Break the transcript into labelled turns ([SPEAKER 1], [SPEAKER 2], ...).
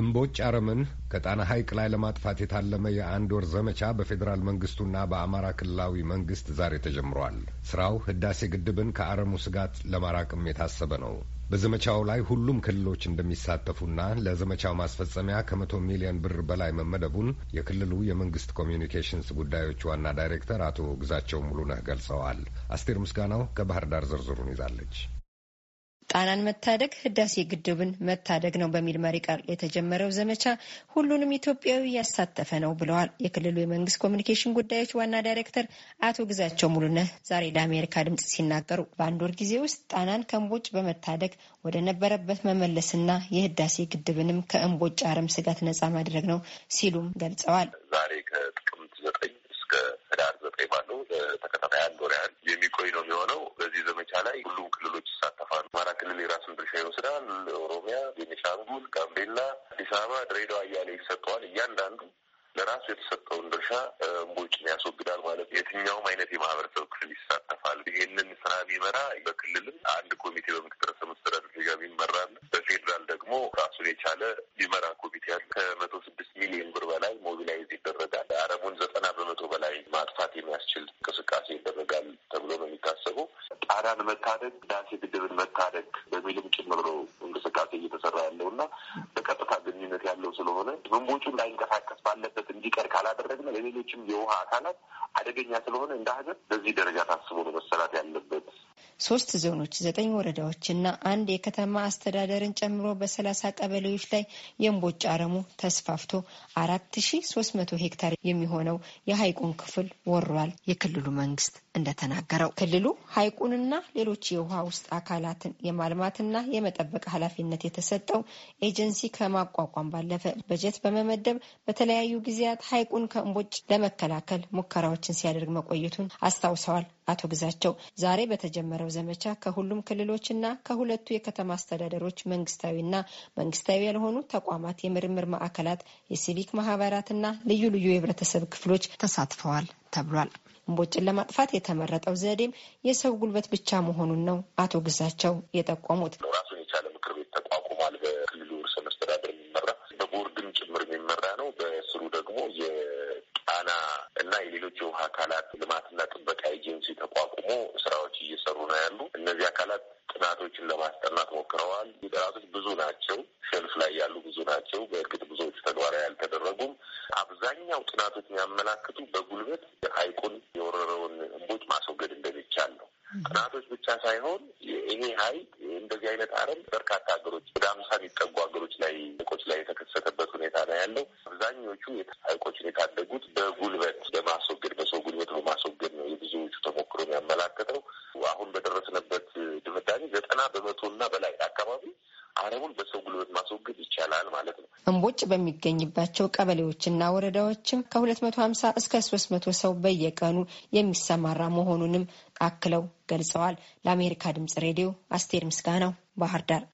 [SPEAKER 1] እምቦጭ አረምን ከጣና ሐይቅ ላይ ለማጥፋት የታለመ የአንድ ወር ዘመቻ በፌዴራል መንግስቱና በአማራ ክልላዊ መንግስት ዛሬ ተጀምሯል። ስራው ህዳሴ ግድብን ከአረሙ ስጋት ለማራቅም የታሰበ ነው። በዘመቻው ላይ ሁሉም ክልሎች እንደሚሳተፉና ለዘመቻው ማስፈጸሚያ ከመቶ ሚሊዮን ብር በላይ መመደቡን የክልሉ የመንግስት ኮሚዩኒኬሽንስ ጉዳዮች ዋና ዳይሬክተር አቶ ግዛቸው ሙሉነህ ገልጸዋል። አስቴር ምስጋናው ከባህር ዳር ዝርዝሩን ይዛለች።
[SPEAKER 2] ጣናን መታደግ ህዳሴ ግድብን መታደግ ነው በሚል መሪ ቃል የተጀመረው ዘመቻ ሁሉንም ኢትዮጵያዊ ያሳተፈ ነው ብለዋል የክልሉ የመንግስት ኮሚኒኬሽን ጉዳዮች ዋና ዳይሬክተር አቶ ግዛቸው ሙሉነህ ዛሬ ለአሜሪካ ድምጽ ሲናገሩ በአንድ ወር ጊዜ ውስጥ ጣናን ከእምቦጭ በመታደግ ወደ ነበረበት መመለስና የህዳሴ ግድብንም ከእምቦጭ አረም ስጋት ነጻ ማድረግ ነው ሲሉም ገልጸዋል። ዛሬ ከጥቅምት ዘጠኝ እስከ ህዳር ዘጠኝ ባለው ተከታታይ አንድ ወር ያህል የሚቆይ ነው የሚሆነው።
[SPEAKER 3] በዚህ ዘመቻ ላይ ሁሉም ክልሎች ፌዴራል፣ ኦሮሚያ፣ ቤኒሻንጉል፣ ጋምቤላ፣ አዲስ አበባ፣ ድሬዳዋ እያለ ይሰጠዋል። እያንዳንዱ ለራሱ የተሰጠውን ድርሻ እምቦጭን ያስወግዳል ማለት ነው። የትኛውም አይነት የማህበረሰብ ክፍል ይሳተፋል። ይህንን ስራ የሚመራ በክልልም አንድ ኮሚቴ በምክትል ርዕሰ መስተዳድር ድጋሚ ይመራል። በፌዴራል ደግሞ ራሱን የቻለ ሊመራ ኮሚቴ ያለ ከመቶ ስድስት ሚሊዮን ጋራን መታደግ፣ ዳሴ ግድብን መታደግ በሚልም ጭምር ነው እንቅስቃሴ እየተሰራ ያለው እና በቀጥታ ግንኙነት ያለው ስለሆነ ግንቦቹ እንዳይንቀሳቀስ ባለበት እንዲቀር ካላደረግን ለሌሎችም የውሃ አካላት አደገኛ ስለሆነ እንደ ሀገር በዚህ ደረጃ ታስቦ ነው መሰራት ያለበት
[SPEAKER 2] ሶስት ዞኖች ዘጠኝ ወረዳዎችና አንድ የከተማ አስተዳደርን ጨምሮ በሰላሳ ቀበሌዎች ላይ የእምቦጭ አረሙ ተስፋፍቶ አራት ሺ ሶስት መቶ ሄክታር የሚሆነው የሀይቁን ክፍል ወሯል። የክልሉ መንግስት እንደተናገረው ክልሉ ሀይቁንና ሌሎች የውሃ ውስጥ አካላትን የማልማትና የመጠበቅ ኃላፊነት የተሰጠው ኤጀንሲ ከማቋቋም ባለፈ በጀት በመመደብ በተለያዩ ጊዜያት ሀይቁን ከእምቦጭ ለመከላከል ሙከራዎችን ሲያደርግ መቆየቱን አስታውሰዋል። አቶ ግዛቸው ዛሬ በተጀመረው ዘመቻ ከሁሉም ክልሎችና ከሁለቱ የከተማ አስተዳደሮች መንግስታዊና መንግስታዊ ያልሆኑ ተቋማት፣ የምርምር ማዕከላት፣ የሲቪክ ማህበራትና ልዩ ልዩ የህብረተሰብ ክፍሎች ተሳትፈዋል ተብሏል። እምቦጭን ለማጥፋት የተመረጠው ዘዴም የሰው ጉልበት ብቻ መሆኑን ነው አቶ ግዛቸው የጠቆሙት። ራሱን የቻለ ምክር ቤት ተቋቁሟል። በክልሉ ርዕሰ መስተዳደር የሚመራ
[SPEAKER 3] በቦርድም ጭምር የሚመራ ነው። በስሩ ደግሞ የጣና እና የሌሎች የውሃ አካላት ልማትና ጥበቃ ግብአቶች ብዙ ናቸው፣ ሸልፍ ላይ ያሉ ብዙ ናቸው። በእርግጥ ብዙዎቹ ተግባራዊ ያልተደረጉም። አብዛኛው ጥናቶች የሚያመላክቱ በጉልበት ሀይቁን የወረረውን እንቦጭ ማስወገድ እንደሚቻል ነው። ጥናቶች ብቻ ሳይሆን ይሄ ሀይቅ እንደዚህ አይነት አረም በርካታ ሀገሮች ወደ አምሳ የሚጠጉ ሀገሮች ላይ ቆች ላይ የተከሰተበት ሁኔታ ነው ያለው። አብዛኞቹ ሀይቆችን የታደጉት በጉልበት በማስወገድ በሰው ጉልበት በማስወገድ ነው። የብዙዎቹ ተሞክሮ የሚያመላክተው አሁን በደረስንበት ድምዳሜ ዘጠና በመቶ እና በላይ አካባቢ ማህረቡን በሰው ጉልበት ማስወገድ ይቻላል
[SPEAKER 2] ማለት ነው። እምቦጭ በሚገኝባቸው ቀበሌዎችና ወረዳዎችም ከሁለት መቶ ሀምሳ እስከ ሶስት መቶ ሰው በየቀኑ የሚሰማራ መሆኑንም አክለው ገልጸዋል። ለአሜሪካ ድምጽ ሬዲዮ አስቴር ምስጋናው ባህር ዳር